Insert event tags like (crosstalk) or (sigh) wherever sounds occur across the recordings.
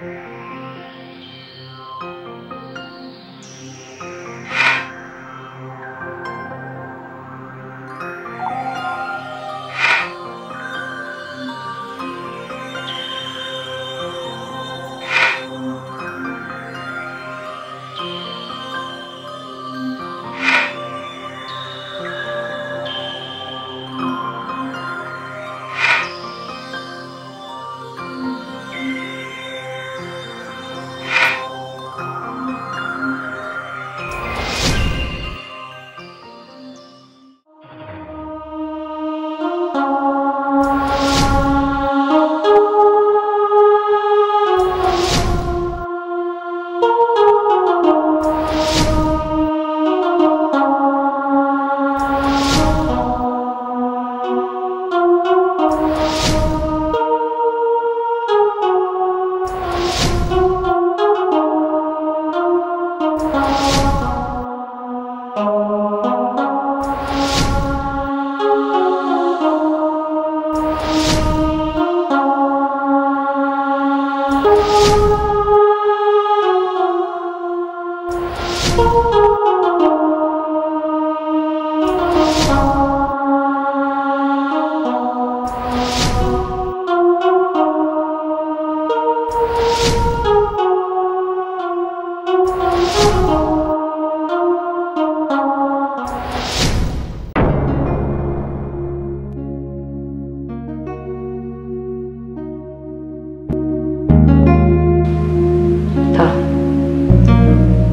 Thank you.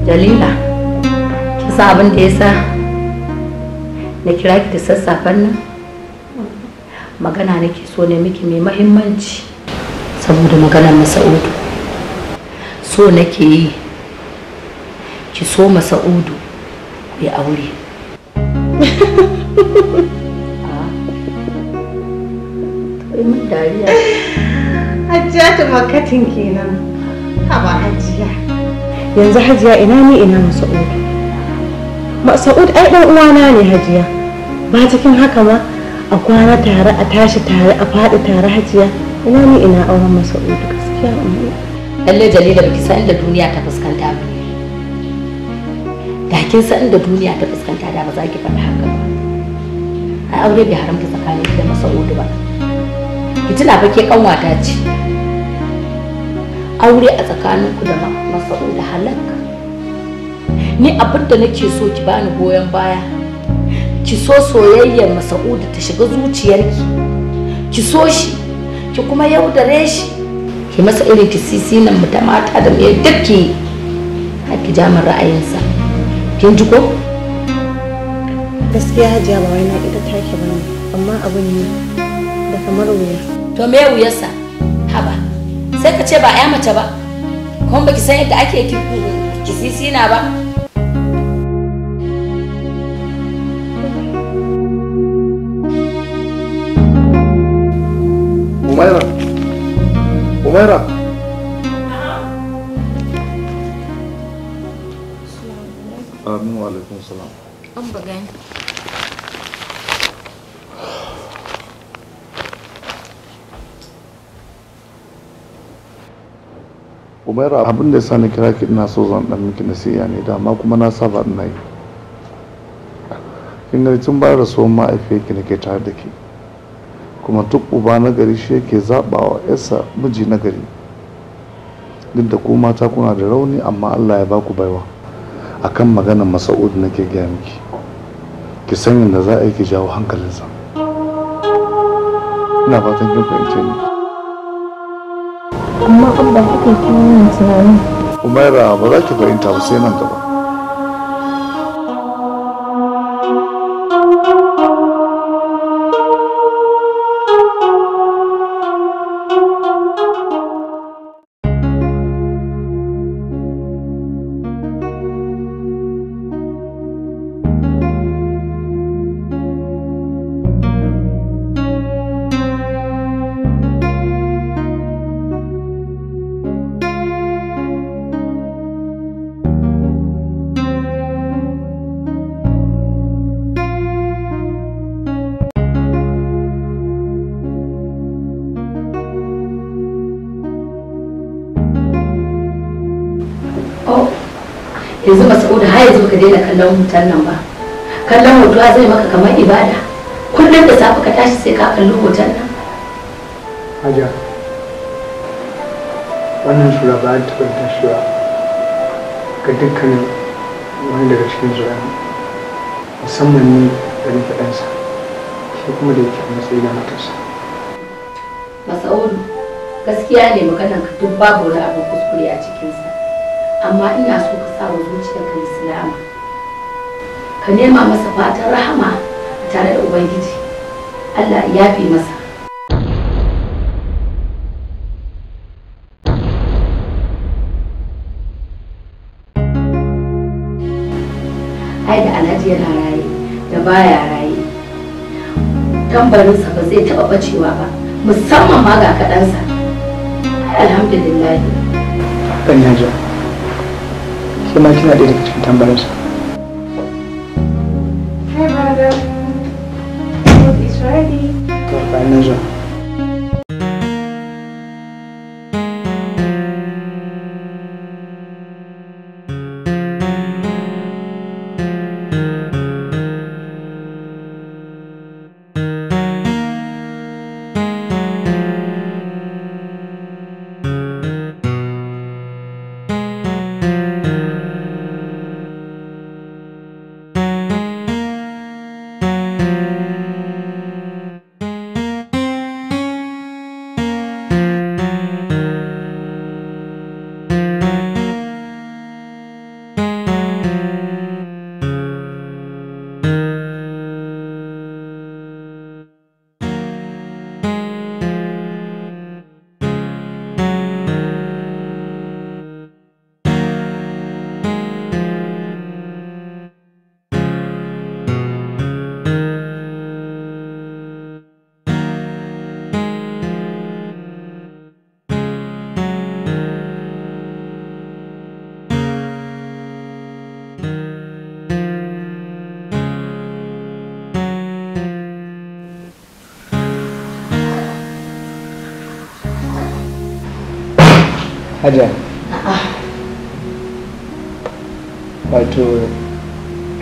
Jalila, ki sa abin da ya sa na kira ki da sassafen nan? Magana nake so ne miki mai mahimmanci saboda maganar Masa'udu. So nake yi, ki so Masa'udu ku ah. (laughs) yi aure. Ajiya ta makatin kenan, haba ajiya. yanzu hajiya ina ne ina masa'ud masa'ud ai dan uwana ne hajiya ba cikin haka ma a kwana tare a tashi tare a faɗi tare hajiya ina ne ina auren masa'ud gaskiya lalle jalila baki san inda duniya ta fuskanta ba da kin san inda duniya ta fuskanta da ba za ki faɗi haka ba ai aure bai haramta tsakanin da masa'ud ba ki tuna fa ke kanwata ce aure a tsakaninku da masa'ula halakka ni abin da nake so ki bani goyon baya ki so soyayyar masa'uda ta shiga zuciyarki ki so shi ki kuma yaudare shi ki masa irin ki sisi nan mu ta mata da mai dukki har ki ja ra'ayinsa kin ji ko gaskiya hajiya ba wai na ita take ba amma abun ne da kamar wuya to me wuyarsa ce ba ya mace ba kuma baki san yadda ake kisisina ba Umaira umaira abin da sani kira ki ina so zan dan miki nasiya ne dama kuma na saba ina yi kin ga tun bayar da so ki nake tare da ke kuma duk uba na gari shi yake zabawa yarsa miji na gari duk da ku mata kuna da rauni amma Allah ya ba ku baiwa akan maganar Masa'ud nake gaya miki ki san yadda za a yi ki jawo hankalinsa ina fatan kin fahimce ni amma abba kake kuma kiwon tunanin umaira ba za ki fahimta ba sai nan gaba kallon hoton nan ba kallon hoto zai maka kamar ibada kullum da safe ka tashi sai ka kalli hoton nan haja wannan shura ba ta kwanta shura ga dukkanin wani daga cikin zuwa musamman ni da nufi ɗansa shi kuma da yake tsaye na matarsa masa'udu gaskiya ne maganan ka duk babu wani abin kuskure a cikinsa amma ina so ka sa wa zuciyarka islama ka nema masa fatan rahama tare da ubangiji allah ya fi masa ai da alhaji yana raye da baya raye tambarinsa ba zai taba bacewa ba musamman ma ga kaɗansa alhamdulillah ɗan yanzu ke kina da daga cikin tambarinsa ready. Go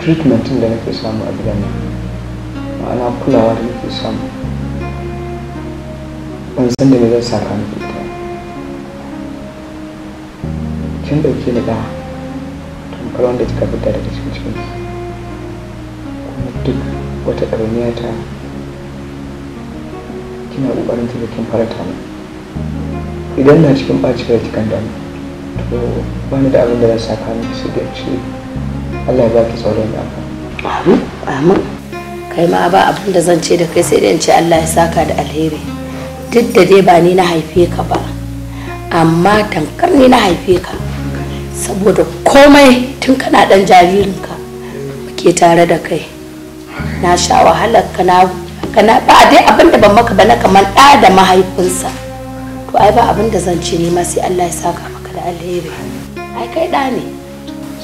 treatmentin da nake samu a gidan nan ma'ana kulawa da nake samu ban san da me zan saka miki ita kin ɗauke ni ɗaya tamkar wanda kika fita daga cikin cikin kuma duk wata ɗawainiya ta kina ƙoƙarin taimakin farata mu idan na cikin ɓacin rai cikin damu to ba ni da abin da zan saka miki sai da ce Allah ya baki sauran amin kai ma ba abin da zan ce da kai sai dai in ce Allah ya saka da alheri duk da dai ba ni na haife ka ba amma tamkar ni na haife ka saboda komai tun kana dan jaririnka muke tare da kai na sha wahalar ka na kana ba dai abin da ban maka ba na kamar ɗa da mahaifinsa to ai ba abin da zan ce ni ma sai Allah ya saka maka da alheri ai kai ɗa ne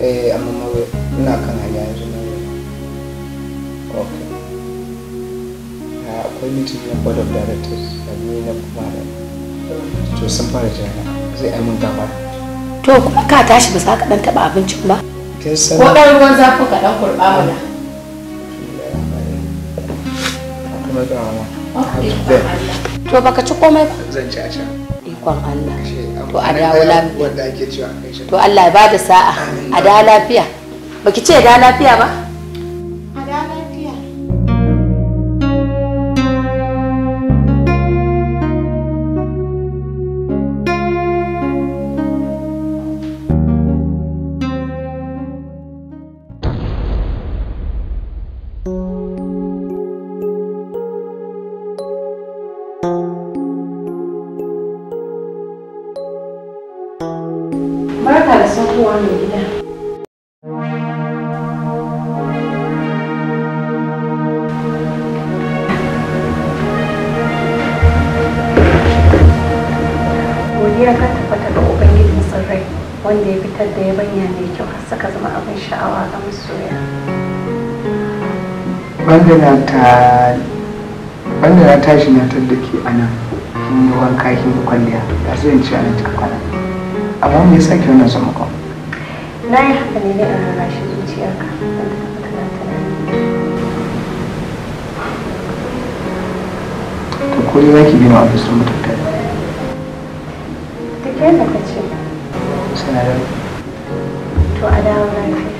eh amma mawai ina kan hanya yanzu na ok ah, akwai meeting na board of directors da ni na kuma da to sun fara jana zai aimin gaba to kuma ka tashi ba za ka dan taba abincin ba ko dan ruwan zafin ka dan kurba mana kuma da mama to baka ci komai ba zan ci a can ikon Allah to a dawo lafiya to Allah ya bada sa'a a da lafiya baki ce da lafiya ba ta tabbata ga tsirrai wanda ya fitar da yabanya mai kyau har suka zama abin sha'awa ga masoya banda na tashi na tattake a nan kin yi wanka kin yi kwalliya da zai ci a nan cika kwana amma me yasa ki wannan samakon na yi haka ne ne a rarrashi zuciyarka to ko ne za ki bi ma abin sun mutunta sai da ka ce sanarar to a dawo lafiya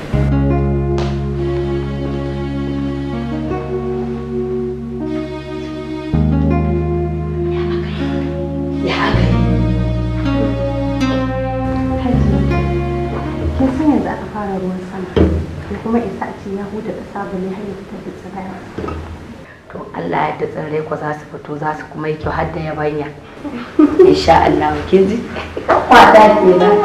fara ruwan sama to kuma isa a ce ya huta da sabon har ya fitar da tsirrai to Allah ya da tsirrai ko za su fito za su kuma yi kyau har da yabanya insha Allah ke ji kwata kenan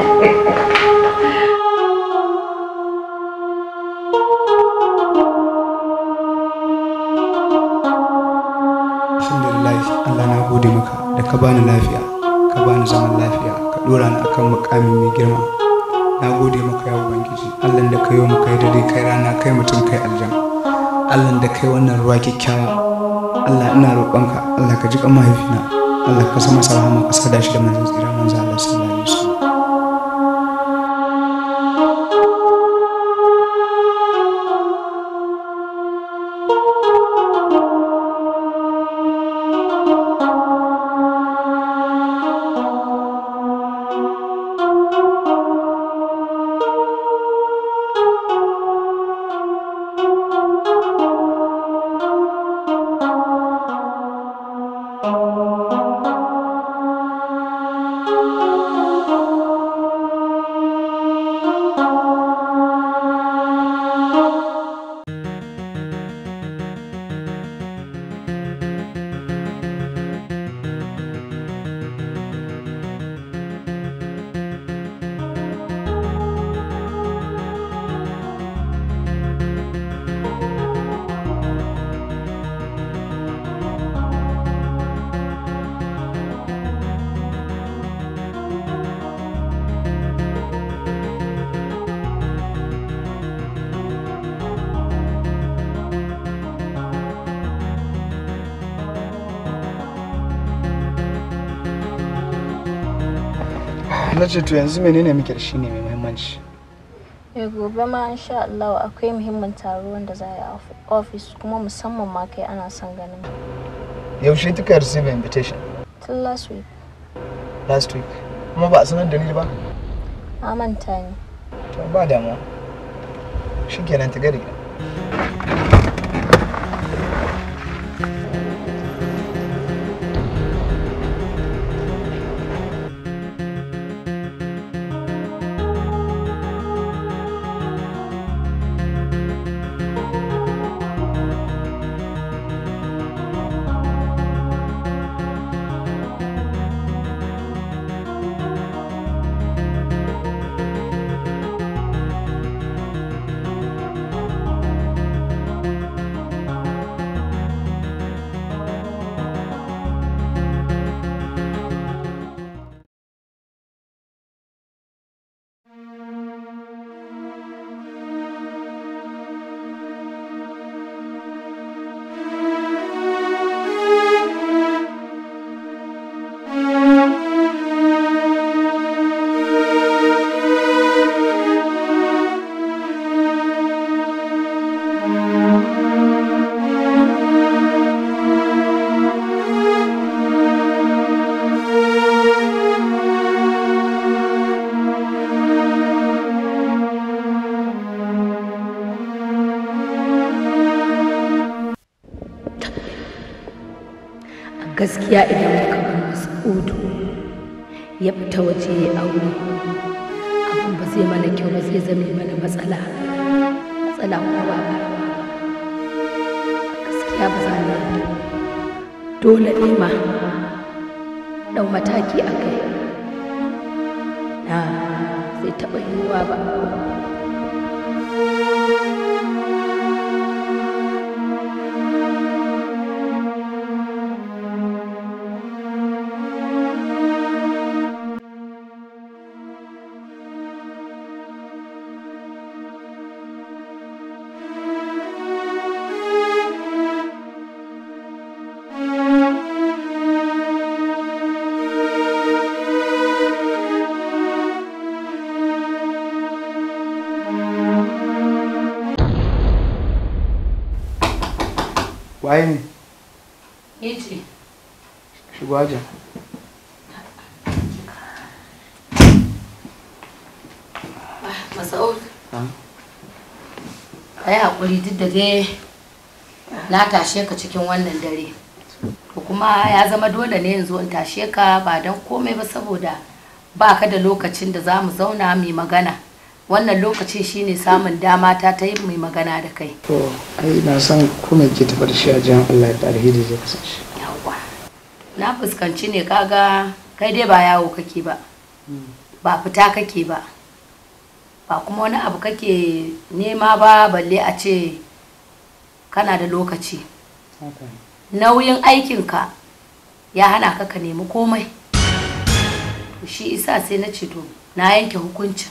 da bani lafiya ka bani zaman lafiya ka dora ni akan mukami mai girma na gode maka ya ubangiji Allah da kai kai rana kai mutum kai aljan Allah da kai wannan ruwa kyakkyawa Allah ina roƙonka Allah ka ji mahaifina الله كسم سلام كسر داش كمان زيرا من زال na ce to yanzu menene muke da shi ne mai muhimmanci eh gobe ma insha Allah akwai muhimmin taro wanda za a yi a office kuma musamman ma kai ana son ganin yaushe kika receive invitation tun last week last week kuma ba a sanar da ni ba a manta ne to ba damuwa kenan ta gari gaskiya idan muka bar mas'udu ya fita waje ya aure abin ba zai mana kyau ba zai zame mana matsala matsala kuma ba gaskiya ba za mu dole ne ma ɗau mataki a kai na zai taɓa yiwuwa ba dai na tashe ka cikin wannan dare to kuma ya zama dole ne yanzu in tashe ka ba don komai ba saboda ba ka da lokacin da za mu zauna mai magana wannan lokacin shine samun dama ta ta yi mai magana da kai to ai na san kuma ke tafar shi a Allah ya da zai kasance yawa na fuskanci ne kaga kai dai ba yawo kake ba ba fita kake ba ba kuma wani abu kake nema ba balle a ce kana da lokaci nauyin aikinka ya hana ka ka nemi komai shi isa sai na ce to na yanke hukuncin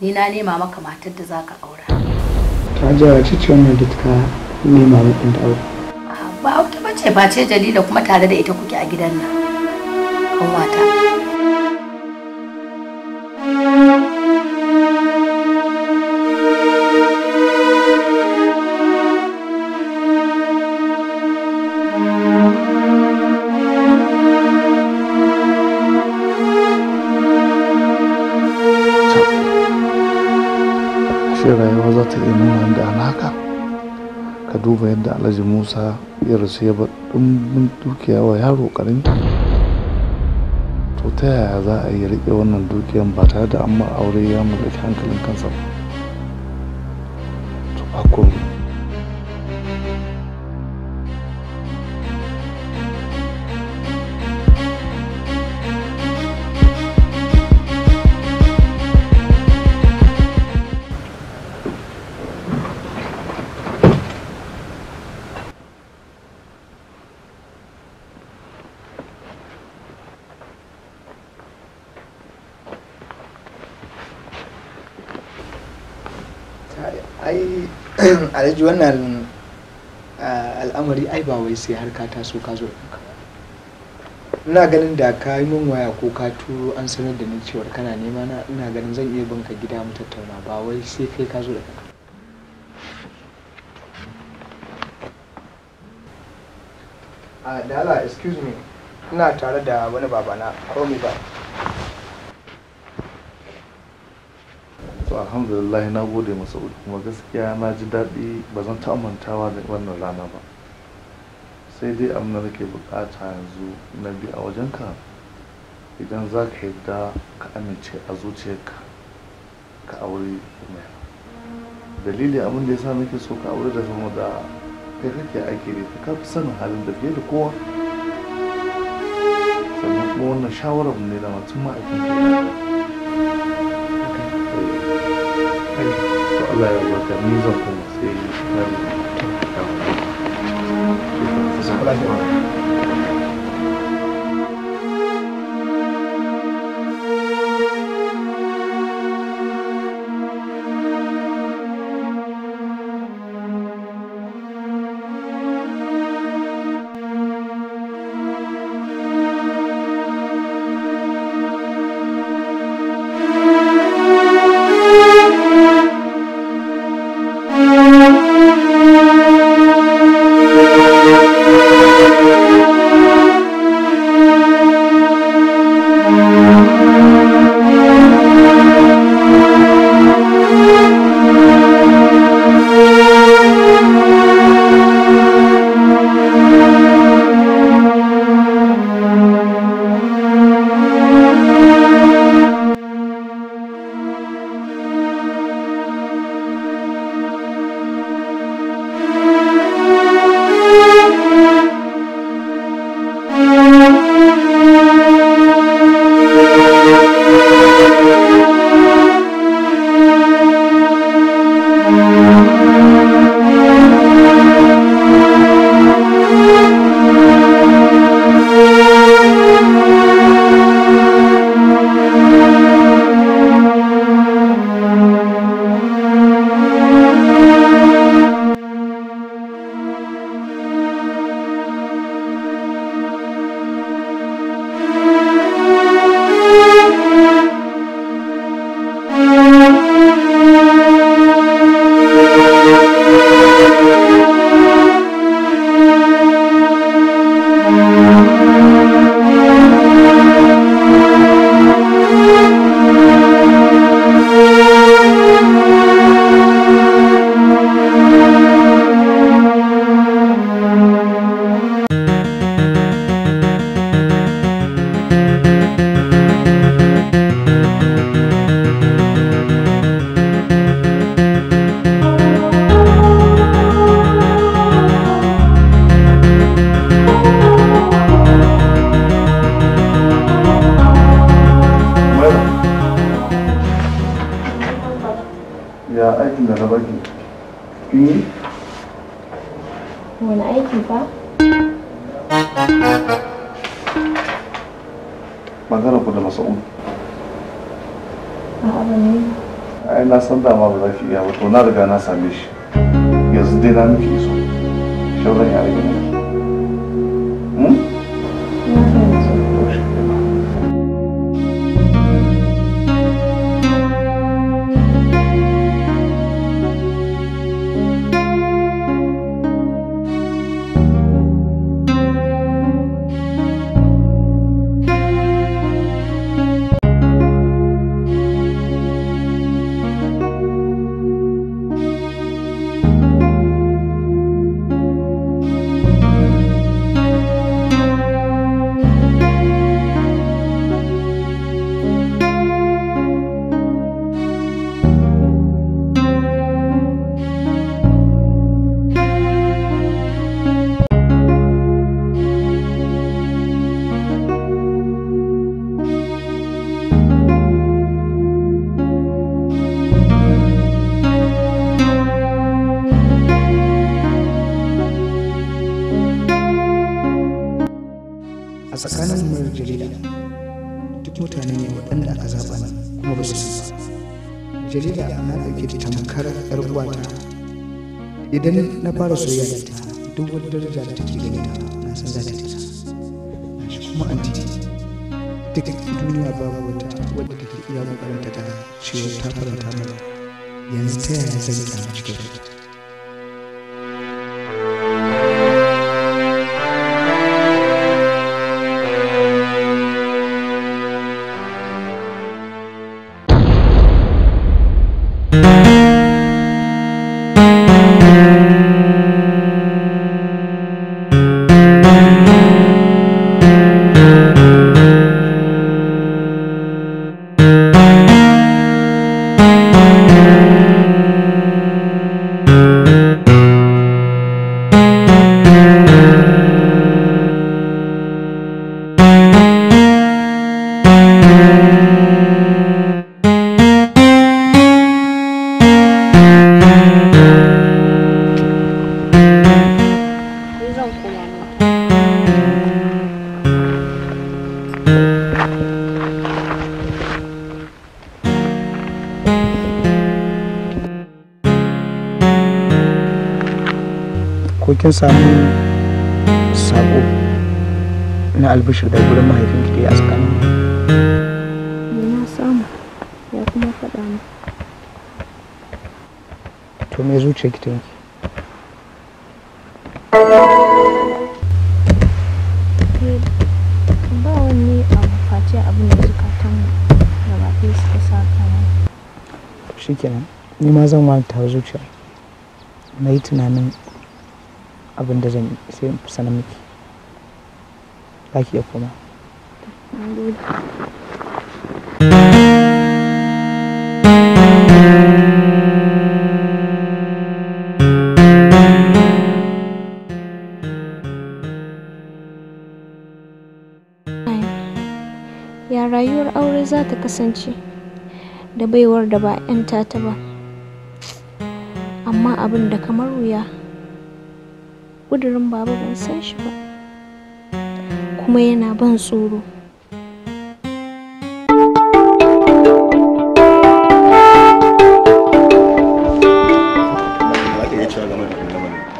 ni na nema maka matar da za ka aura ta jira ce ce wannan da ta nema maka da aure ba ba bace ba ce jalila kuma tare da ita kuke a gidan nan kan wata da alhaji musa ya rasu ya ba ɗumbin dukiya wa yaro ƙarami to ta yaya za a yi riƙe wannan dukiyan ba tare da amma aure ya mallaki hankalin kansa ba ji wannan eh, al'amari ai ba wai sai har ka taso ka zo ɗauka ina ganin da ka yi min waya ko ka turo an sanar da ni cewar kana nema na ina ganin zan iya bin ka gida mu tattauna ba wai sai kai ka zo da kanka Uh, dala excuse me ina tare da wani babana call me back alhamdulillah na gode masa kuma gaskiya na ji daɗi ba zan ta amintawa da wannan rana ba sai dai na nake bukata yanzu na bi a wajenka idan za ka yadda ka amince a zuciyarka ka aure mai dalili abin da ya sa nake so ka aure da zama da kai kake ake ne ka fi sanin halin da fiye da kowa sannan kuma wannan shawarar ne da matun ma'aikin kabla ya uangamizi wa dire fara soyayya da ta duk wani daraja da take da ta na san za ta tara shi kuma anti duk duniya babu wata wadda take iya kokarin ta ta fara ta mana yanzu ta yaya zan cikin gaba samu sako na albishir da gurin mahaifinki da ya tsakanin na samu ya kuma faɗa mu to me zuciya ki tanki eh, ba wani abu face abin da zukatan gabaɗaya suka sa kanan kenan ni ma zan wanta zuciya na yi tunanin abin da zan sai in na miki za ki iya koma ya rayuwar aure za ta kasance da baiwar da ba 'yan ta ba amma abin da kamar wuya ƙudurin baba ban san shi ba kuma yana ban tsoro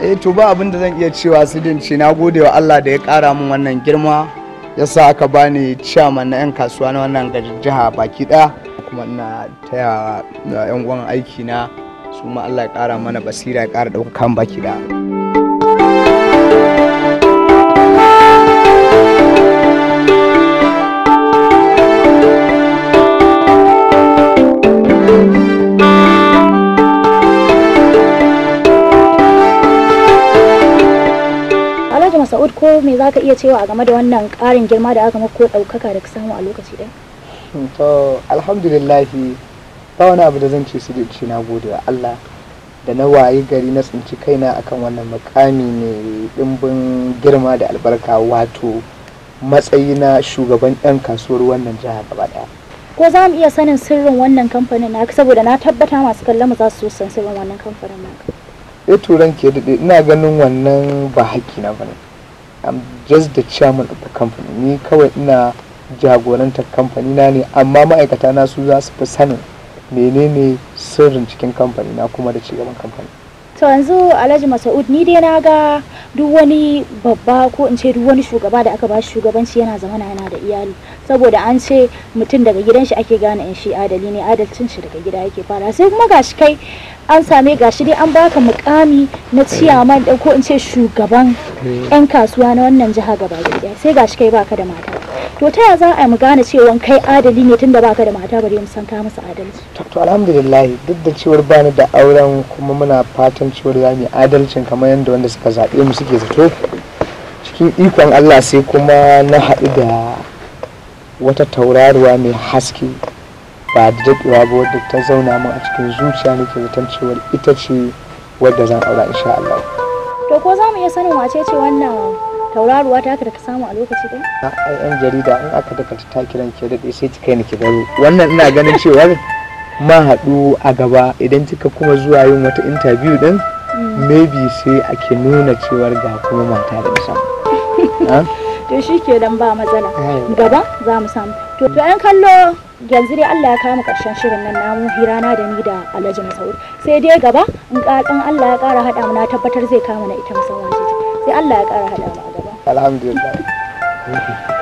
eh, to ba abin da zan iya cewa su ce na gode wa Allah da ya ƙara min wannan girma ya sa aka bani chairman na 'yan kasuwa na wannan jiha baki ɗaya kuma ina taya 'yan uwan aiki na su ma Allah ya ƙara mana basira ya kara daukan baki ɗaya Sa'ud ko me za ka iya cewa a game da wannan ƙarin girma da aka mako ɗaukaka da ka samu a lokaci ɗaya? To alhamdulillahi ba wani abu da zan ce su da ce na gode wa Allah da na wayi gari na tsinci kaina akan wannan makami ne ɗimbin girma da albarka wato matsayi na shugaban 'yan kasuwar wannan jiha gaba ɗaya. Ko za mu iya sanin sirrin wannan kamfanin na saboda na tabbata masu kallon mu za su san sirrin wannan kamfanin naka. Eh turan ke daɗe ina ganin wannan ba haƙƙi na bane. I'm just the chairman of the company ni kawai ina jagorantar kamfani na ne amma ma'aikata na su za su fi sanin menene sirrin cikin kamfani na kuma da cigaban kamfani to yanzu alhaji masaud ni dai na ga duk wani babba ko in ce duk wani shugaba da aka ba shugabanci yana zama yana da iyali saboda an ce mutum daga gidan shi ake gane in shi adali ne adalcin shi daga gida yake fara sai kuma gashi kai an same gashi dai an baka mukami na eh. ciyaman da ko in ce shugaban eh. yan kasuwa na wannan jiha gaba ɗaya sai gashi kai baka da mata to ta za a mu gane cewa kai adali ne tunda baka da mata bare mu san ka musu adalci to alhamdulillah duk da cewar bani da auren kuma muna fatan cewar za mu adalcin kamar yadda wanda suka zaɓe mu suke zato cikin ikon Allah sai kuma na haɗu da wata tauraruwa mai haske ba da daɗewa ba wadda ta zauna min a cikin zuciya ke zaton cewar ita ce wadda zan aura insha Allah. To ko za mu iya sanin wace ce wannan tauraruwa ta ka da ka samu a lokaci ɗin? Ai yan jarida in aka daga ta kiran ke daɗe sai kai ni ki baro. Wannan ina ganin cewar ma haɗu a gaba idan kika kuma zuwa yin wata interview din, mm. maybe sai ake nuna cewar ga kuma mata da musamman. (laughs) To shi ke dan ba matsala. Eh. Gaba za mu samu. To 'yan kallo yanzu dai Allah ya kama karshen shirin nan namu hirana da ni da Alhaji Masaud sai dai gaba in ƙaƙan Allah ya ƙara haɗa mu na tabbatar zai kama na ita musamman sai Allah ya ƙara haɗa mu a gaba alhamdulillah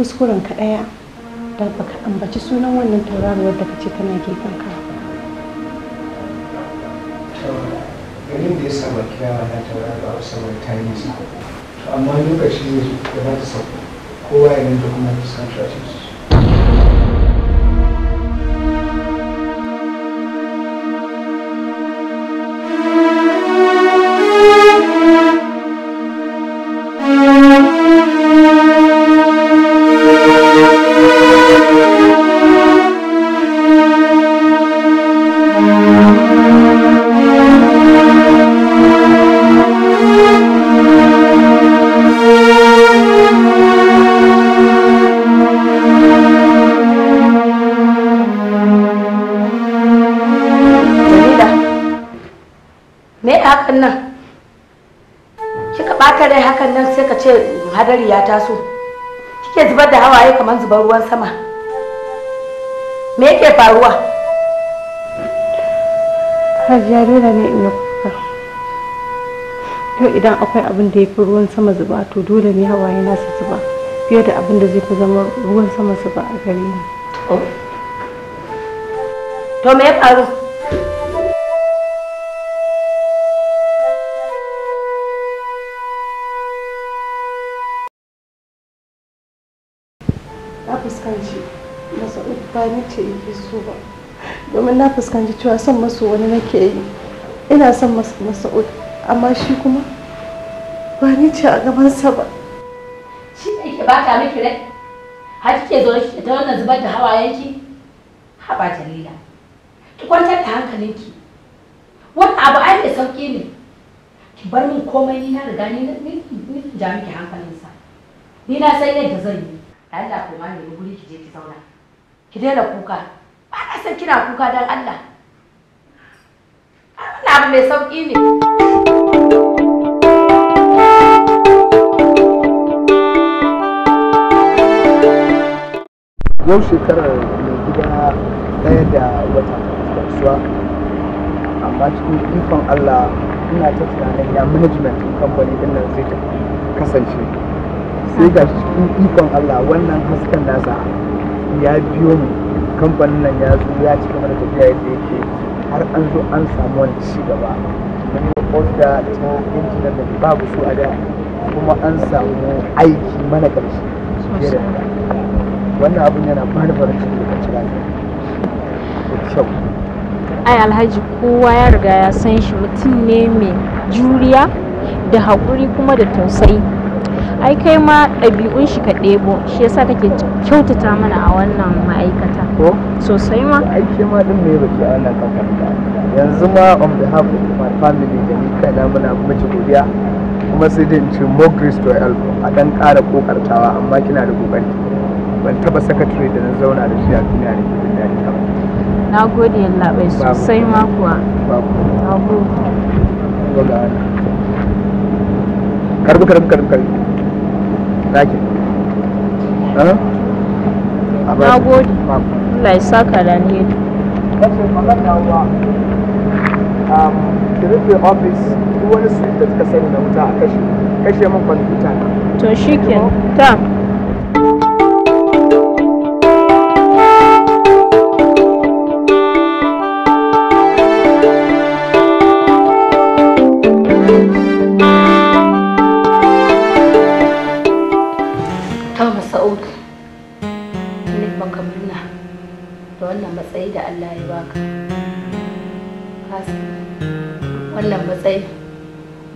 kuskuren ka ɗaya da baka ambaci sunan wannan tauraruwar da kace tana gefen ka ganin da ya saba kiyawa na tauraruwa a saman ta nisa to amma lokaci ne da za ta sauko kowa ya nan da kuma fuskantar cikin hakan nan sai ka ce hadari ya taso kike zubar da hawaye kamar zubar ruwan sama me yake faruwa hajiya dole ne in yi kuka idan akwai abin da ya fi ruwan sama zuba to dole ne hawaye na su zuba fiye da abin da zai fi zama ruwan sama zuba a gare ni to me ya faru so ba domin na fuskanci cewa son masu wani nake yi ina son masa masa'ud amma shi kuma ba ni ce a gabansa ba shi ne ke bata miki rai har kike zo ki ta wannan zubar da hawayenki ha ba jalila ki kwantar da hankalinki wani abu ai mai sauki ne ki bar min komai ni na riga ni ni ja miki hankalinsa ni na san yadda zan yi Allah ko ma ne guri ki je ki zauna ki daina kuka ba san kina kuka don Allah wannan abu mai sauƙi ne yau shekarar mai gida ɗaya da wata kasuwa amma cikin ikon Allah ina ta tunanin ya management kamfani din nan zai kasance sai ga cikin ikon Allah wannan hasken nasa ya biyo mu kamfanin nan ya zo ya cika mana tafiya yadda yake har an zo an samu wani ci gaba mun yi oda ta injinan da babu su a da kuma an samu aiki mana ƙarshe fiye da wannan abin yana bani farin ciki da cikin da kyau ai alhaji kowa ya riga ya san shi mutum ne mai juriya da haƙuri kuma da tausayi ai kai ma ɗabi'un shi ka ɗebo shi yasa kake kyautata mana a wannan ma'aikata ko sosai ma ai shi ma din me baki a wannan kamfanin yanzu ma on behalf of my family da ni kaina muna miki godiya kuma sai dai in ce more grace to a ɗan ƙara kokartawa amma kina da kokari ban taɓa secretary da na zauna da shi a duniya da ke da ta na gode labai sosai ma kuwa na gode karbi karbi karbi karbi ɗakin na gode Allah ya saka da ni kace magana wa um, rufe duk wani suite da sani na wuta a kashe kashe min to ta matsayi da Allah ya baka wannan matsayi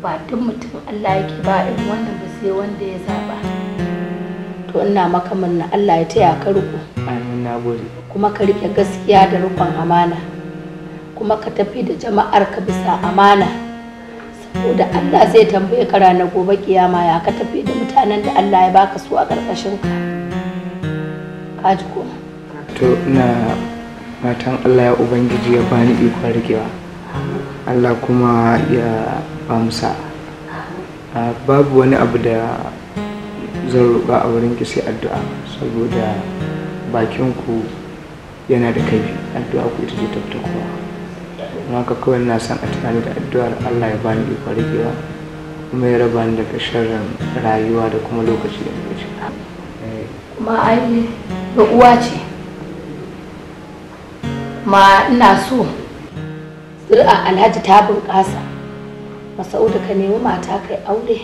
ba duk mutum Allah yake ba in wannan ba sai wanda ya zaba to ina maka manna Allah ya taya ka riko amin kuma ka rike gaskiya da rikon amana kuma ka tafi da jama'ar ka bisa amana saboda Allah zai tambaye ka ranar gobe kiyama ya ka tafi da mutanen da Allah ya baka su a ƙarƙashin ka ka ji ko to ina fatan allah ya ubangiji ya bani ikon rikewa allah kuma ya amsa babu wani abu da zan roƙa a wurin ki sai addu'a saboda bakin ku yana da kaifi addu'a ku ita ce ta kowa amma ka kawai na san a tunani da addu'ar allah ya bani ikon rikewa kuma ya raba ni daga sharrin rayuwa da kuma lokaci da lokaci kuma ga uwa ce ma ina so tsira alhaji ta bunƙasa masa'udu ka nemi mata kai aure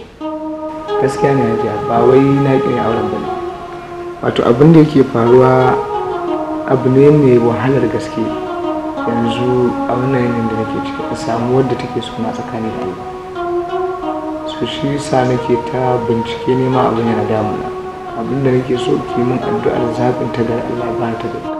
gaskiya ne hajiya ba wai na ƙin auren ba ne wato abin da yake faruwa abu ne mai wahalar gaske yanzu a wannan yanayin da nake ciki a samu wadda take so na tsakanin da su shi sa nake ta bincike nema abin yana damuna abin da nake so mun addu'ar zaɓin ta ga Allah ba ta gari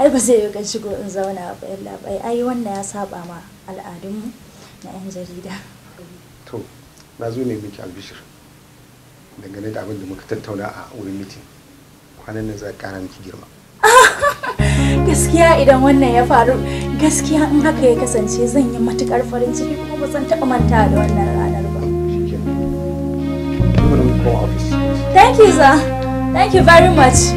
ai ba zai yi kan shigo in zauna ba yalla bai ai wannan ya saba ma al'adunmu na yan jarida to na zo ne miki albishir dangane da abin da muka tattauna a wurin mitin kwanan nan za kara miki girma (laughs) gaskiya idan wannan ya faru gaskiya in haka ya kasance zan yi matukar farin ciki kuma ba zan taɓa manta da wannan ranar ba Thank you, sir. Thank you very much.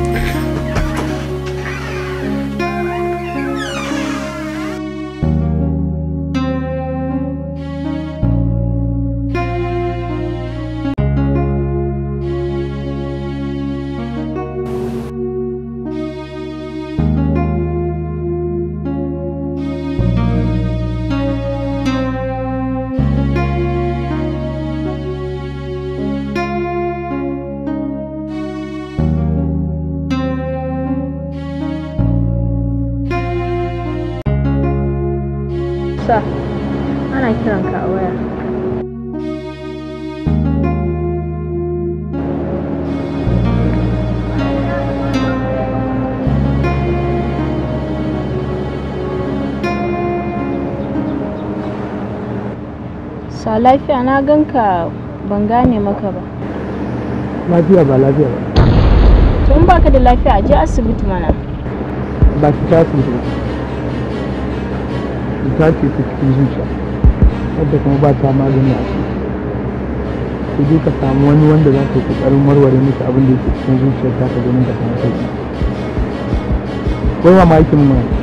Hausa lafiya na ganka ban gane maka ba. Lafiya ba lafiya ba. Tun baka da lafiya je asibiti mana. Ba ki ta asibiti ba. Ki ta ce ta cikin zuciya. Wadda kuma ba ta magani a su. Ki je ka samu wani wanda za ka yi ƙoƙarin warware miki abin da yake cikin zuciyar ta ka domin ka samu sauƙi. Wai ma ma yake mun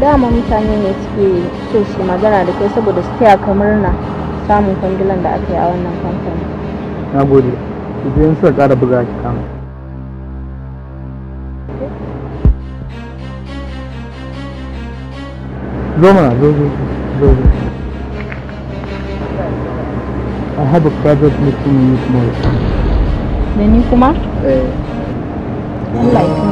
dama mutane ne suke so su magana da kai saboda su taya ka murna samun kwangilan da aka yi a wannan kamfani na gode yin suka kara buga ki kama zo mana zo zo zo zo I have a private meeting with you Da ni kuma? Eh. Allah ya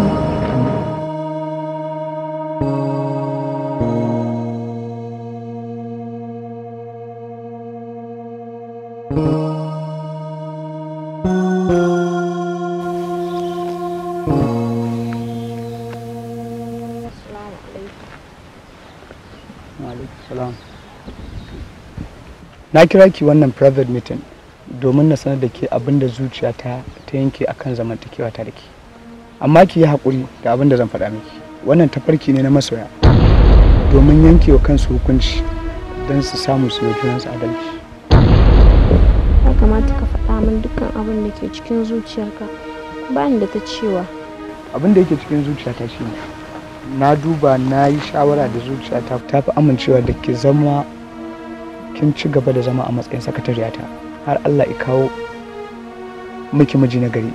na kira ki wannan private meeting domin na sanar da ke abin da zuciyata ta yanke akan zamantakewa ta da ke amma ki yi haƙuri da abin da zan faɗa miki wannan tafarki ne na masoya domin yankewa kansu hukunci don su samu su yi junansu adalci ya kamata ka faɗa min dukkan abin da ke cikin zuciyarka ba ni da ta cewa abin da yake cikin zuciyata shine na duba na yi shawara da zuciyata ta fi amincewa da ke zama kin ci gaba da zama a matsayin sakatariya ta har Allah ya kawo miki miji na gari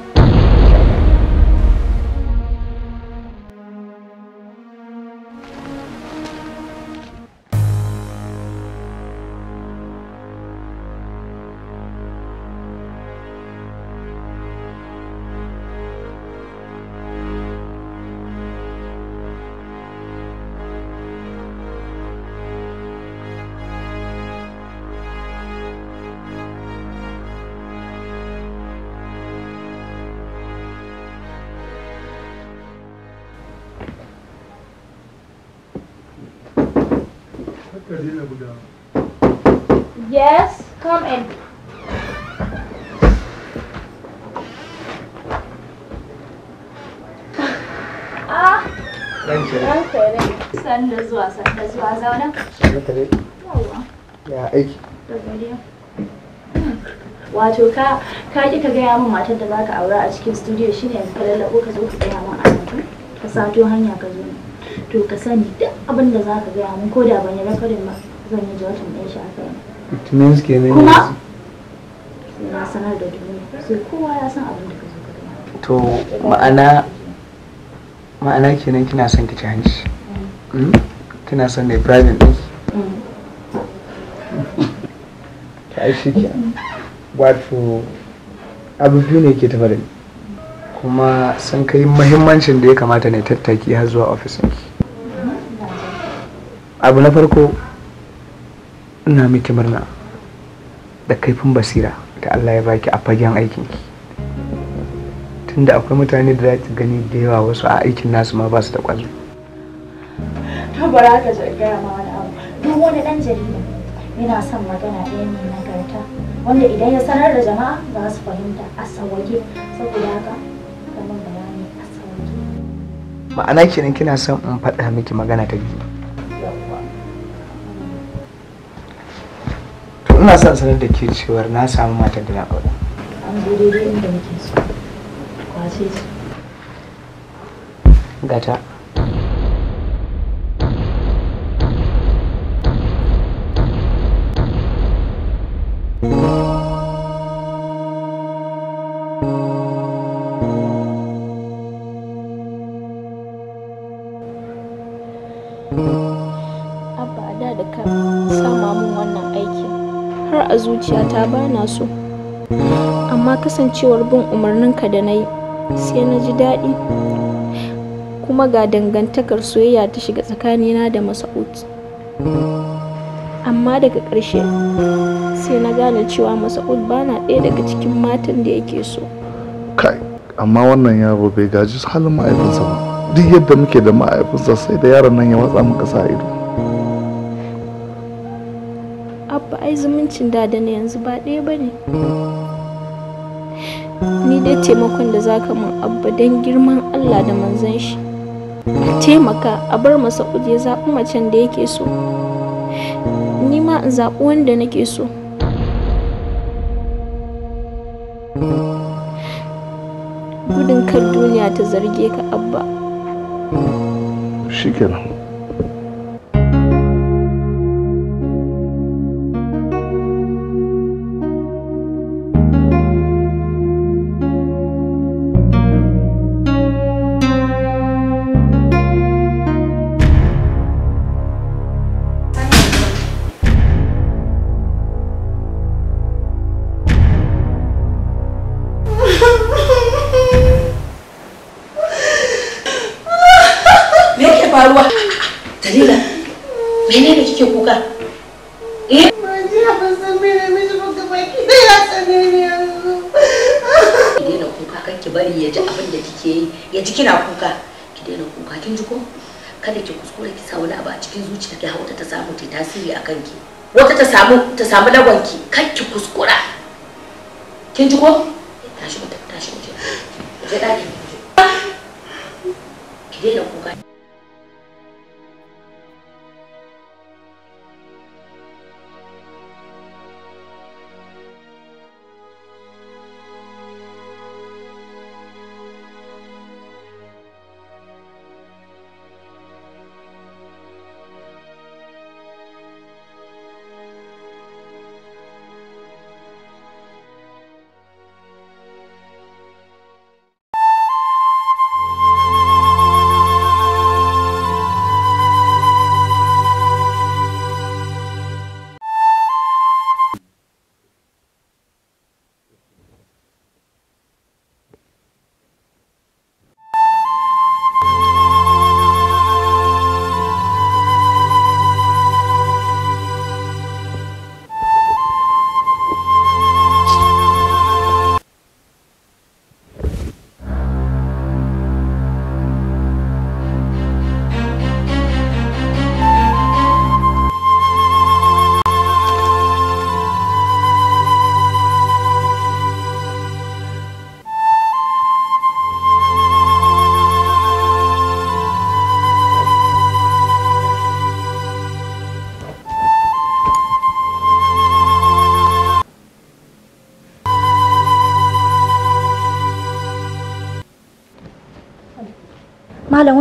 Yes, come in. Ah. Wato ka ka ki ka gaya min matar da zaka aura a cikin studio shine yanzu ka lallaɓo ka zo ka gaya min a ka sato hanya ka zo to ka sani duk abin da za aka gaya ko ne kuma san To ma'ana ma'ana kenan kina son ki ci hanci. Mm. Hmm? Kina son ne ɗin. Mm. (laughs) shi Wato abu ne ke kuma sun kai muhimmancin da ya kamata ne tattaki har zuwa ofisinki abu na farko ina miki murna da kaifin basira da Allah ya baki a fagen aikinki tunda akwai mutane da za ki gani da yawa wasu a aikin nasu ma ba su da ƙwazo to bara ka gaya ma wani abu duk wani ɗan jarida yana son magana ɗaya ne nagarta wanda idan ya sanar da jama'a za su fahimta a sauwake saboda haka kamar bayani a sauwake ma'ana kenan kina son in faɗa miki magana ta biyu ina son sanar da ke cewar na samu matar da na aure. An zo daidai inda nake so. Kwace ce. Gata. zuciyata ba na so amma kasancewar bin umarninka da na yi sai na ji daɗi kuma ga dangantakar soyayya ta shiga tsakanina da masa'ud amma daga ƙarshe sai na gane cewa masa'ud ba na ɗaya daga cikin matan da yake so kai amma wannan yaro bai gaji halin ma'aikinsa ba duk yadda muke da ma'aikinsa sai da yaron nan ya watsa maka sa ido bambancin da da na yanzu ba ɗaya ba ne ni dai taimakon da za ka min abba don girman allah da manzan shi a taimaka a bar masa kuje zaɓi macen da yake so ni ma in zaɓi wanda nake so gudun kan duniya ta zarge ka abba kenan samu lagon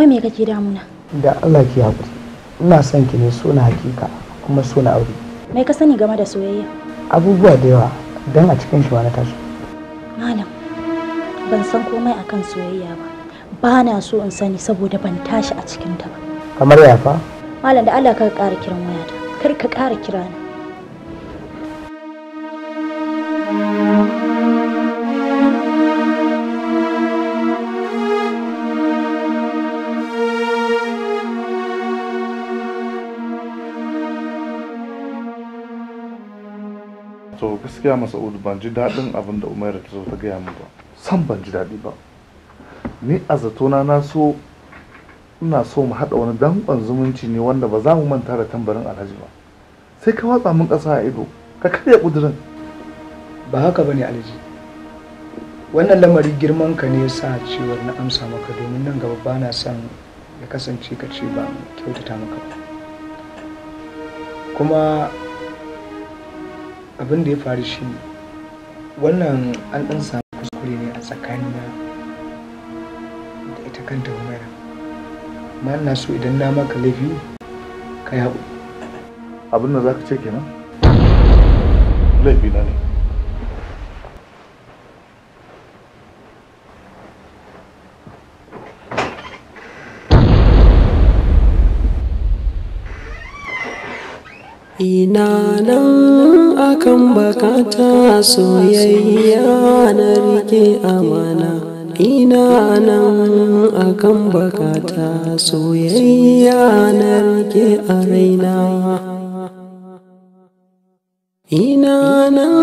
me kake damuna da Allah ki hakuri ina son ki ne so na hakika kuma so na aure mai ka sani game da soyayya abubuwa da yawa dan a cikin shi wani tashi malam ban san komai akan soyayya ba ba na so in sani saboda ban tashi a cikin ta ba kamar yafa malam da Allah ka ƙara kiran wayata kar ka kara kirana masa masa'ud ban ji daɗin abin da umaira ta zo ta gaya min ba san ban ji daɗi ba ni a zatona na so ina so mu haɗa wani danƙon zumunci ne wanda ba za mu manta da tambarin alhaji ba sai ka watsa mun ƙasa a ido ka karya ƙudurin ba haka ba ne alhaji wannan lamari girman ka ne sa cewar na amsa maka domin nan gaba ba na son ya kasance ka ce ba kyautata maka kuma abin da ya faru shi ne wannan an ɗan samu kuskure ne a tsakanina da ita kanta humaira amma ina so idan na maka laifi ka yi abin da za ka ce kenan laifi na ne ina nan akan bakata soyayya na rike amana ina nan akan bakata soyayya na rike a raina ina nan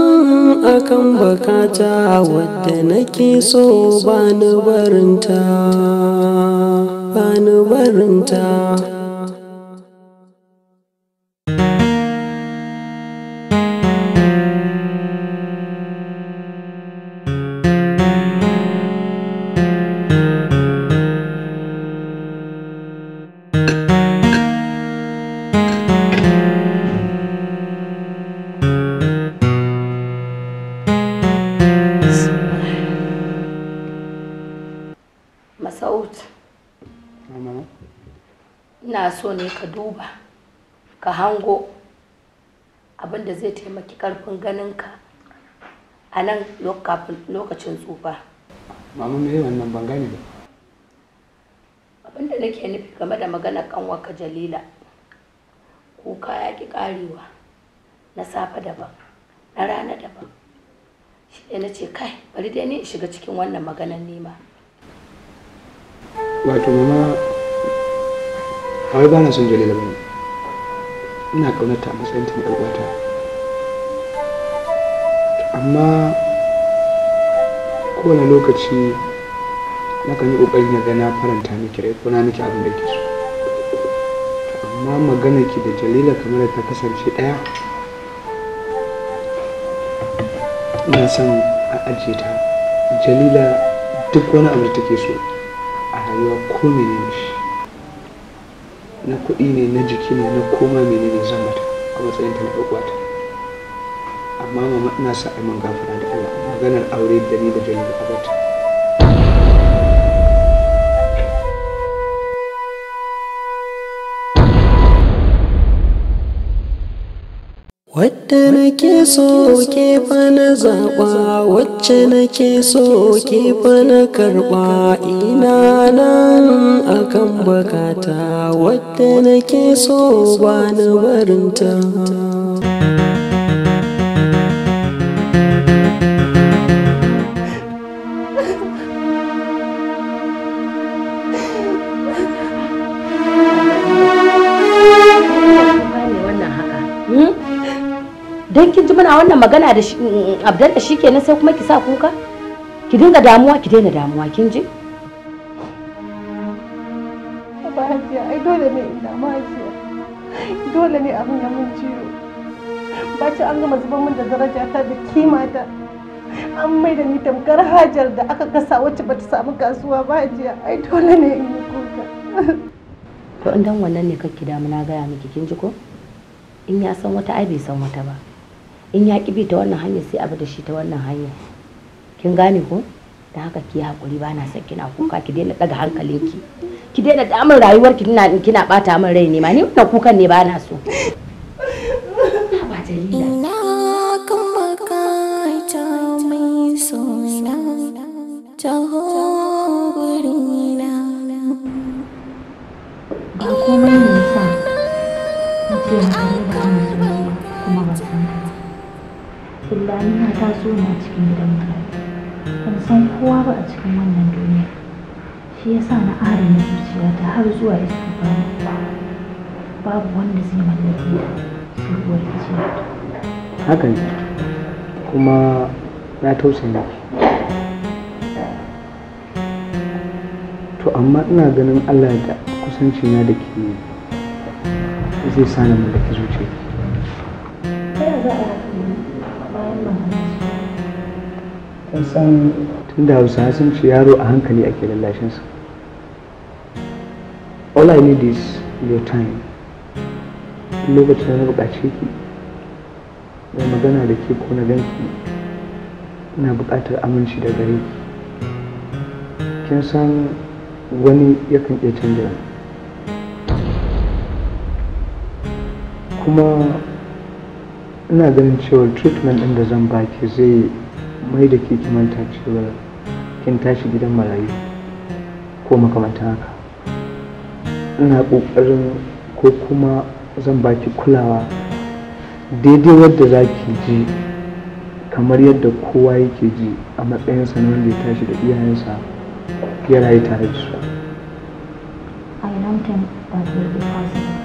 akan bakata wadda nake so ba ni barinta ba ni barinta Karfin ganinka a nan lokacin tsufa. Mamu me wannan ban gane ba. Abinda nake nufi game da maganar kanwarka Jalila, kuka ya ƙi ƙarewa na safe daban, na rana daban. Shi ne na ce kai bari dai ni in shiga cikin wannan maganar nema. Wato mama, kawai ba na son Jalila ba ne. Ina ƙaunata a matsayinta na uwata. amma kowane lokaci na kan yi ƙoƙari na gana faranta ni kira ko na nake abin da ke so amma magana ki da jalila kamar ta kasance ɗaya na san a ajiye ta jalila duk wani abu da take so a rayuwa ko ne shi na kuɗi ne na jiki ne na koma ne zan mata a matsayin ta na ɗaukwata mama ina sa mun gafara da Allah maganar aure da ni da da abata Wadda nake so ke fa na zaɓa, wacce nake so ke fa na karɓa, ina nan akan bakata, wacce nake so ba na barinta. dan kin ji muna wannan magana da abdal da kenan sai kuma ki sa kuka ki dinga damuwa ki daina damuwa kin ji Hajiya ai dole ne in damu Hajiya dole ne abin ya mun ciwo ci an gama zuban min da daraja ta da kima ta an mai da ni tamkar hajar da aka kasa wacce bata samu kasuwa ba Hajiya ai dole ne in yi kuka to in dan wannan ne kake damu na gaya miki kin ji ko in ya san wata ai bai san wata ba in ya ƙi bi ta wannan hanyar sai abu da shi ta wannan hanya kin gane ko da haka ki hakuri ba na son kina kuka ki daina daga hankalinki ki daina damun rayuwarki kina kina bata min rai ne ma ni wannan kukan ne ba na so na cikin gidan ban san kowa ba a cikin wannan duniya shi ya sa na adana ta har zuwa istifani babu wanda zai mallake ta sai uwar zuciyata haka ne kuma na tausaya to amma ina ganin allah da kusanci na da ke zai sa na mallaki zuciya. kun san tun da hausa sun ci yaro a hankali ake lallashinsa all i need is your time lokacin na buƙace ki da magana da ke ko na ganki ina buƙatar aminci da gare ki kin san wani yakan iya canja kuma ina ganin cewa treatment ɗin da zan baki zai mai da ke manta cewa kin tashi gidan marayu ko makamantan haka ina ƙoƙarin ko kuma zan baki kulawa daidai wadda za ki ji kamar yadda kowa yake ji a matsayinsa na wanda ya tashi da iyayensa ya rayu tare da su I don't think that will be possible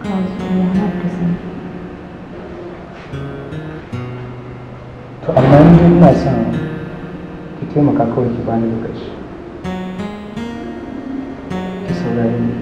because we are not to amma ni ina son ki taimaka kawai ki bani lokaci ki saurare ni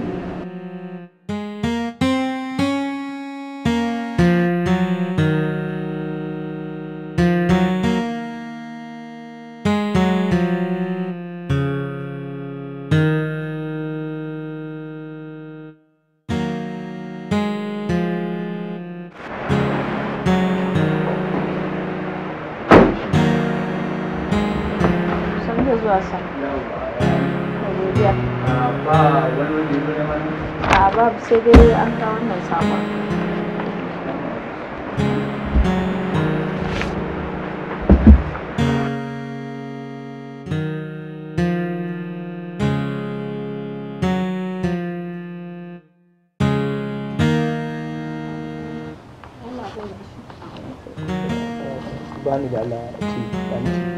Pekala. Ben...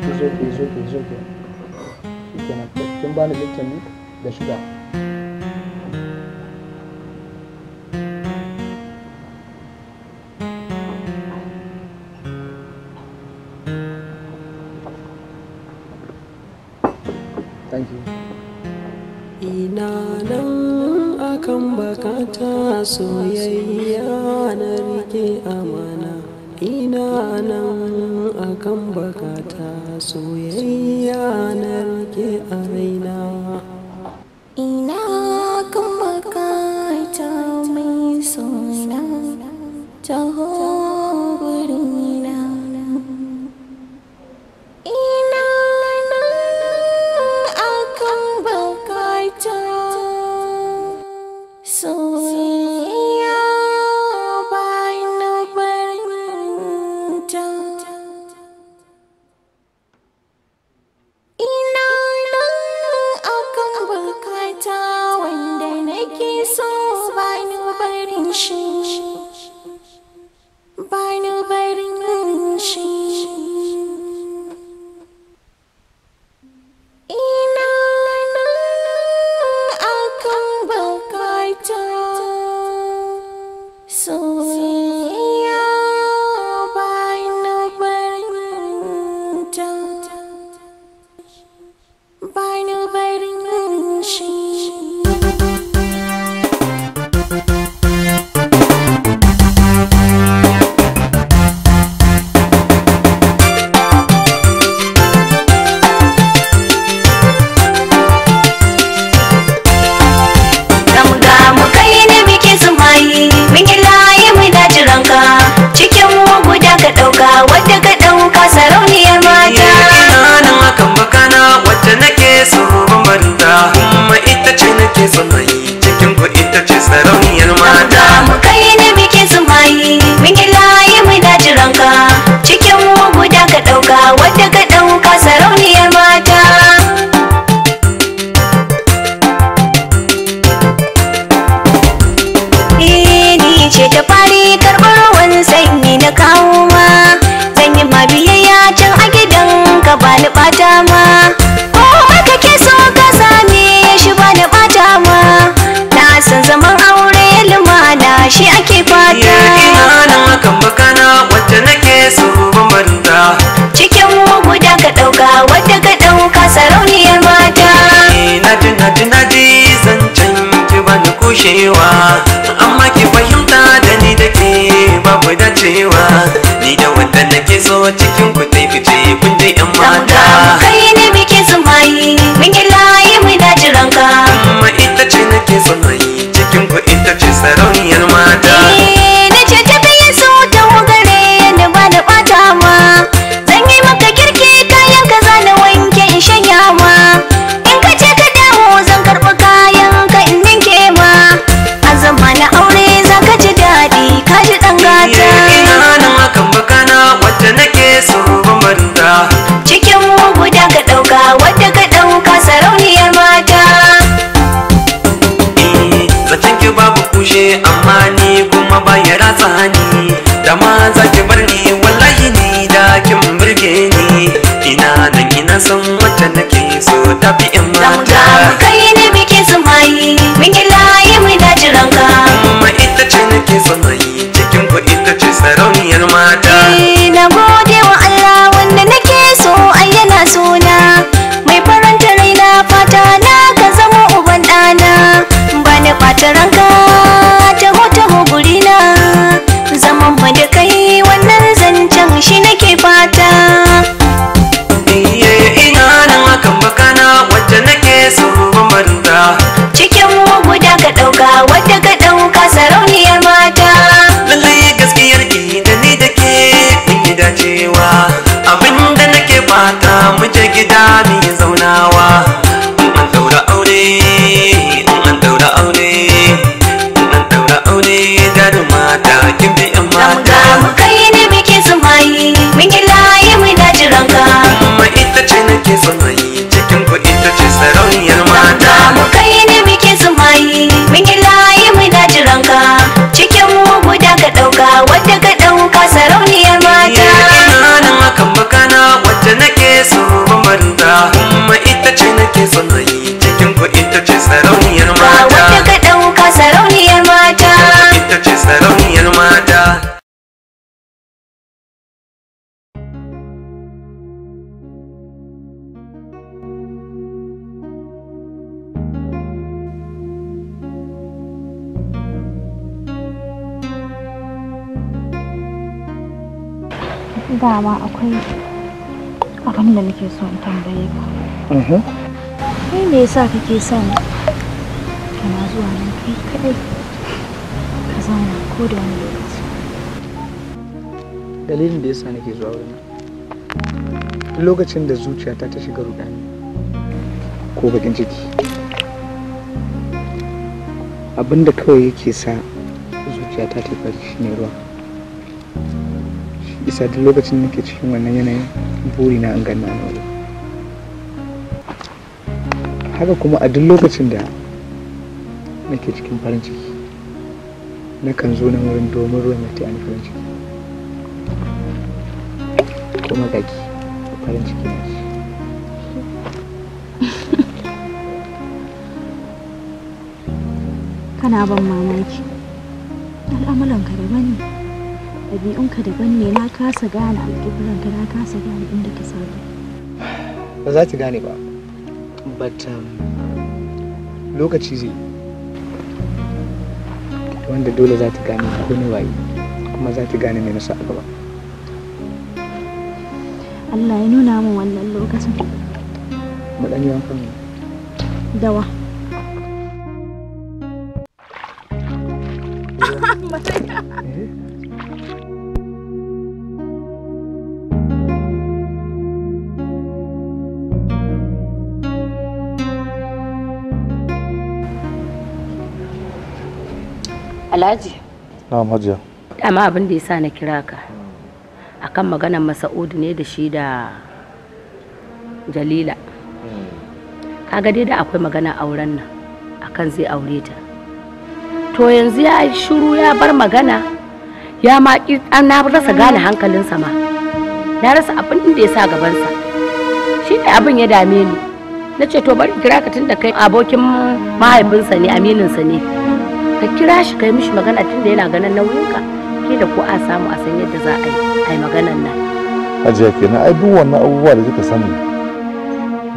is okay, is okay, is okay. She can accept. Tumbani lift him, the sugar. maravilhoso dama akwai abin da nake so in tambaye ka mm-hmm. kai me yasa kake son kana zuwa nan kai kadai ka zauna ko da wani lokaci dalilin da yasa nake zuwa wurin duk lokacin da zuciyata ta shiga rudani ko bakin ciki abinda kawai yake sa zuciyata ta fari ne ruwa bisa duk lokacin da nake cikin wannan yanayin buri na an ganna na wuri haka kuma a duk lokacin da nake cikin farin ciki na kan zo na wurin domin ruwan mai tayani farin ciki kuma gaki farin ciki na shi kana ban mamaki al'amuranka da bane ɗabi'unka daban ne na kasa gane alƙiblanka na kasa gane inda ka saba ba za ta gane ba but um, lokaci zai wanda dole za ta gane ko ne waye kuma za ta gane mai nasa aka ba. Allah ya nuna min wannan lokacin mu dan wankan dawa Alhaji. Na majiya. Dama abin da sa na kira ka. Akan maganar Masa'udu ne da shi da Jalila. Hmm. Kaga dai da akwai magana auren nan akan zai aure ta. To yanzu ya shiru ya bar magana ya ma na rasa gane hankalinsa ma. Na rasa abin da ya sa gabansa. Shi ne abin ya dame ni. Na ce to bari kira ka tun da kai abokin mahaifinsa ne amininsa ne. ka kira shi kai mishi magana tun da yana ganin nauyinka ke da ko a samu a san yadda za a yi a yi maganan nan hajiya ke na aibu wannan abubuwa da kika sani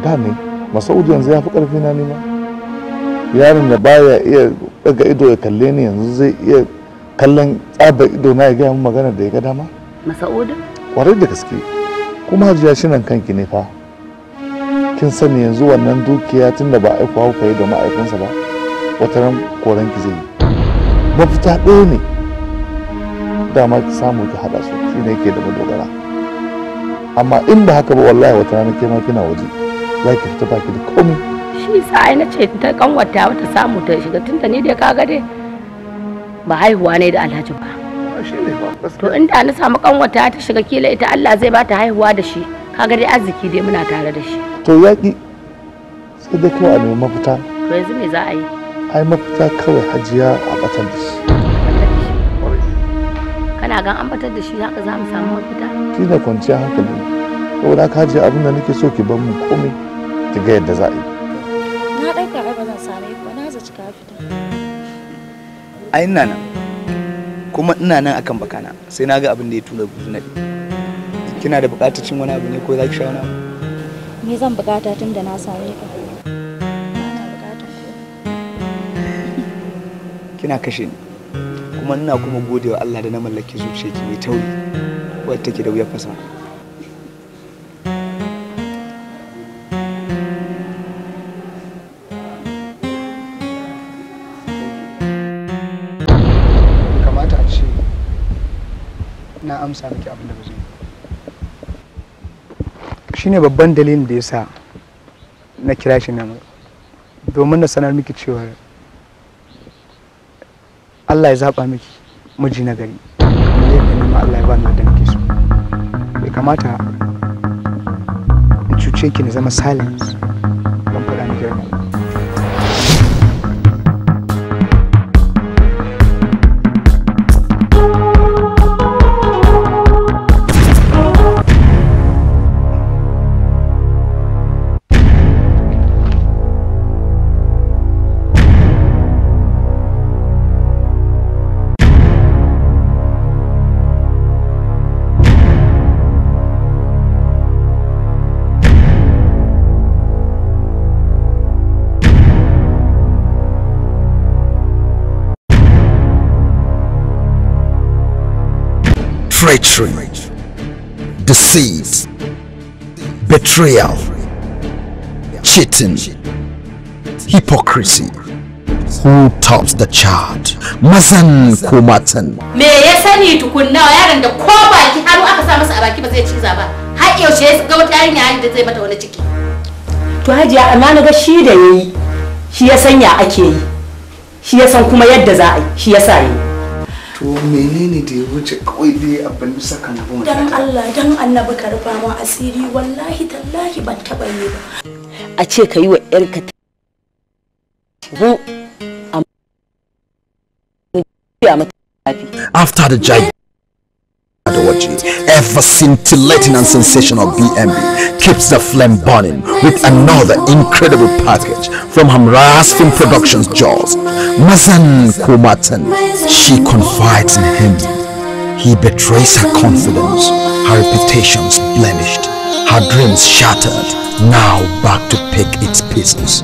da ne masaudu yanzu ya fi karfi na nima yaron da baya iya daga ido ya kalle ni yanzu zai iya kallon tsabar ido na ya gaya maganar da ya ga dama Masa'udin? kwarai da gaske kuma hajiya shi nan kanki ne fa kin sani yanzu wannan dukiya tun da ba aiko hauka yi da ma'aikunsa ba wataran koran ki zai yi mafita ɗaya ne dama ki samu ki haɗa su shi ne yake da madogara amma in ba haka ba wallahi wata rana ke ma kina waje za ki fita baki da komai shi sa ai na ce ta kanwata wata samu ta shiga tunda ni dai kaga dai ba haihuwa ne da alhaji ba to inda na samu kanwata ta shiga kila ita Allah zai bata haihuwa da shi kaga dai arziki dai muna tare da shi to yaki sai dai kawai a nemi mafita to yanzu me za a yi ai mafita kawai hajiya a batar da shi kana gan an batar da shi haka za mu samu mafita shi da kwanciya hankali saboda ka hajiya abin da nake so ki bar mu komai ki ga yadda za a yi na ɗauka ai ba zan same ku na zaci ka fita ai ina nan kuma ina nan akan bakana sai na ga abin da ya tura guzu na kina da bukatar cin wani abu ne ko za ki sha wani abu ni zan bukata tun da na same ka kina kashe ni kuma ina kuma godewa Allah da na mallaki ki mai tauri wadda take da wuyar fasa. kamata a ce na amsa miki abin da ba shine babban dalilin da ya sa na kira shi nan domin na sanar miki cewa Allah ya zaba miki miji na gari ne ni nema Allah ya bani da nake so bai kamata in cuce ki na zama silence cemetery, deceit, betrayal, cheating, hypocrisy. Who tops the chart? Mazan ko matan? Me ya sani tukunna yaron da ko baki hannu aka sa masa a baki ba zai ciza ba. Har yaushe ya ga wata yarinya da zai mata wani ciki. To Hajiya amma na ga shi da yayi shi ya sanya ake yi. Shi ya san kuma yadda za a yi, shi ya sa yi. to menene da ya wuce kawai dai abin saka na gaba dan Allah dan annabi karfa ma asiri wallahi tallahi ban taba yi ba a ce kai wa yarka After the giant ever scintillating and sensational BMB, keeps the flame burning with another incredible package from Hamras Film Productions Jaws. Mazan Kumatan, she confides in him. He betrays her confidence, her reputation's blemished, her dreams shattered, now back to pick its pieces.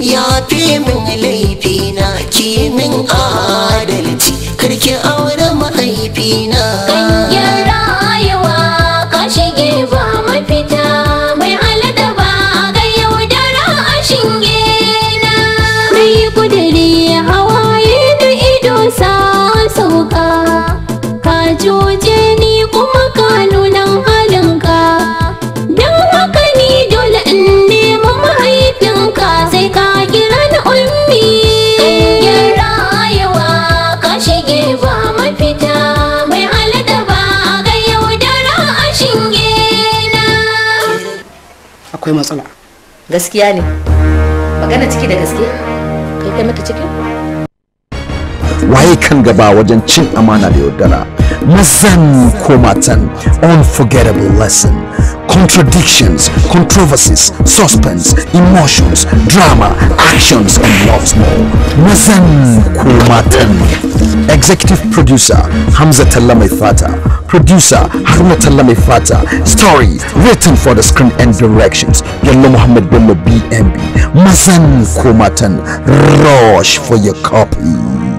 ya fi min laifina ki min adalci karki aure mahaifina gaskiya ne magana ciki da gaske kai kai mata ciki waye kan gaba wajen cin amana da yaudara mazan ko matan unforgettable lesson contradictions controversies suspense emotions drama actions and lots more mazan ko matan executive producer hamza talla mai fata producer Haruna Talla Mai Fata, story written for the screen and directions Yallo Muhammad bello BMB, Mazan Komatan, rush for your copy.